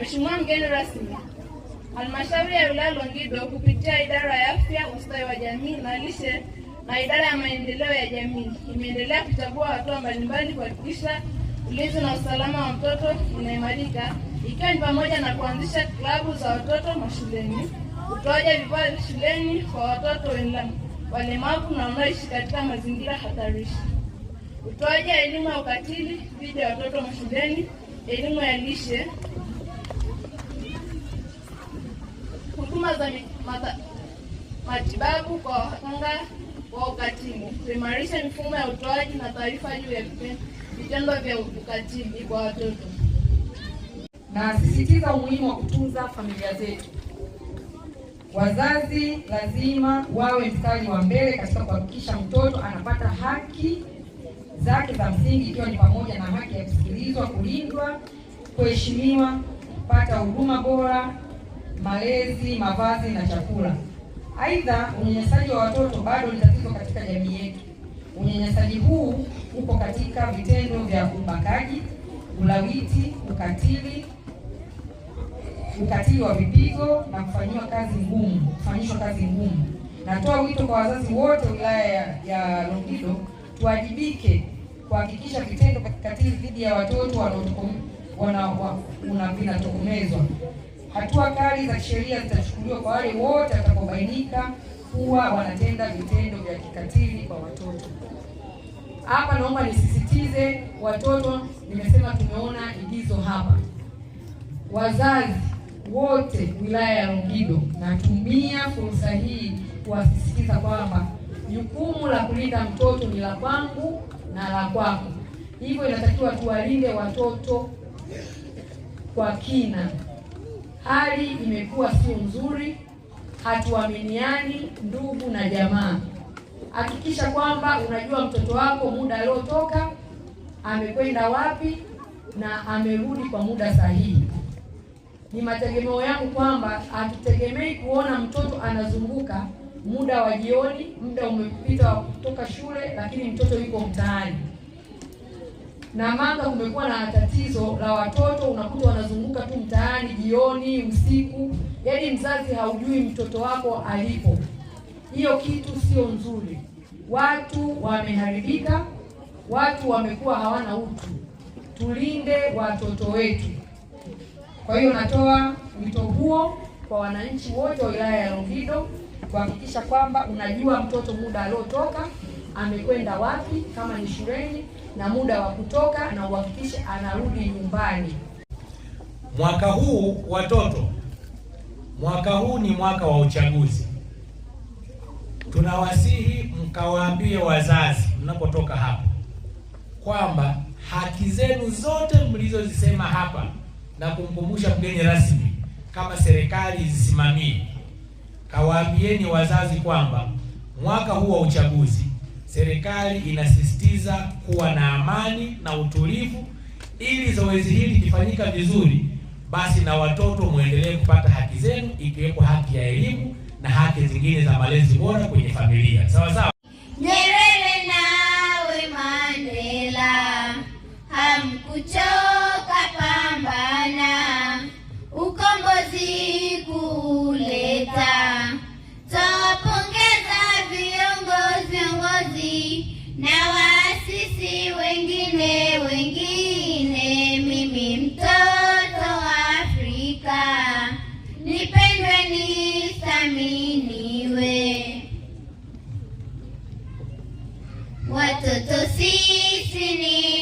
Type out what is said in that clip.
Mheshimiwa mgeni rasmi, halmashauri ya wilaya Longido kupitia idara ya afya, ustawi wa jamii na lishe na idara ya maendeleo ya jamii imeendelea kuchagua hatua mbalimbali kuhakikisha ulinzi na usalama wa mtoto unaimarika, ikiwa ni pamoja na kuanzisha klabu za watoto mashuleni, utoaji vifaa shuleni kwa watoto walemavu na wanaoishi katika mazingira hatarishi, utoaji elimu ya ukatili dhidi ya watoto mashuleni, elimu ya lishe huduma za matibabu kwa wakanga wa ukatili, kuimarisha mifumo ya utoaji na taarifa juu ya vitendo vya ukatili kwa watoto. Nasisitiza umuhimu wa kutunza familia zetu. Wazazi lazima wawe mstari wa mbele katika kuhakikisha mtoto anapata haki zake za msingi, ikiwa ni pamoja na haki ya kusikilizwa, kulindwa, kuheshimiwa, kupata huduma bora malezi, mavazi na chakula. Aidha, unyanyasaji wa watoto bado ni tatizo katika jamii yetu. Unyanyasaji huu upo katika vitendo vya ubakaji, ulawiti, ukatili, ukatili wa vipigo na kufanyiwa kazi ngumu, kufanyishwa kazi ngumu. Natoa wito kwa wazazi wote wilaya ya Longido tuwajibike kuhakikisha vitendo vya kikatili dhidi ya watoto wanaotokomezwa Hatua kali za kisheria zitachukuliwa kwa wale wote watakobainika kuwa wanatenda vitendo vya kikatili kwa watoto. Hapa naomba nisisitize, watoto nimesema, tumeona igizo hapa. Wazazi wote wilaya ya Longido, natumia fursa hii kuwasisitiza kwamba jukumu la kulinda mtoto ni la kwangu na la kwako, hivyo inatakiwa tuwalinde watoto kwa kina hali imekuwa sio nzuri, hatuaminiani ndugu na jamaa. Hakikisha kwamba unajua mtoto wako muda aliotoka amekwenda wapi na amerudi kwa muda sahihi. Ni mategemeo yangu kwamba hatutegemei kuona mtoto anazunguka muda wa jioni, muda umepita wa kutoka shule, lakini mtoto yuko mtaani. Na Namanga kumekuwa na tatizo la watoto, unakuta wanazunguka tu mtaani jioni, usiku, yaani mzazi haujui mtoto wako alipo. Hiyo kitu sio nzuri. Watu wameharibika, watu wamekuwa hawana utu. Tulinde watoto wetu. Kwa hiyo natoa wito huo kwa wananchi wote wa wilaya ya Longido kuhakikisha kwamba unajua mtoto muda aliotoka amekwenda wapi, kama ni shuleni, na muda wa kutoka, na uhakikishe anarudi nyumbani. Mwaka huu watoto, mwaka huu ni mwaka wa uchaguzi. Tunawasihi mkawaambie wazazi mnapotoka hapa kwamba haki zenu zote mlizozisema hapa na kumkumbusha mgeni rasmi kama serikali zisimamie. Kawaambieni wazazi kwamba mwaka huu wa uchaguzi serikali inasisitiza kuwa na amani na utulivu, ili zoezi hili lifanyika vizuri basi na watoto muendelee kupata haki zenu, ikiwepo haki ya elimu na haki zingine za malezi bora kwenye familia. Sawa sawa. Nyerere nawe Mandela hamkuchoka, pambana ukombozi kuleta. Tawapongeza viongozi viongozi na waasisi wengine wengine see,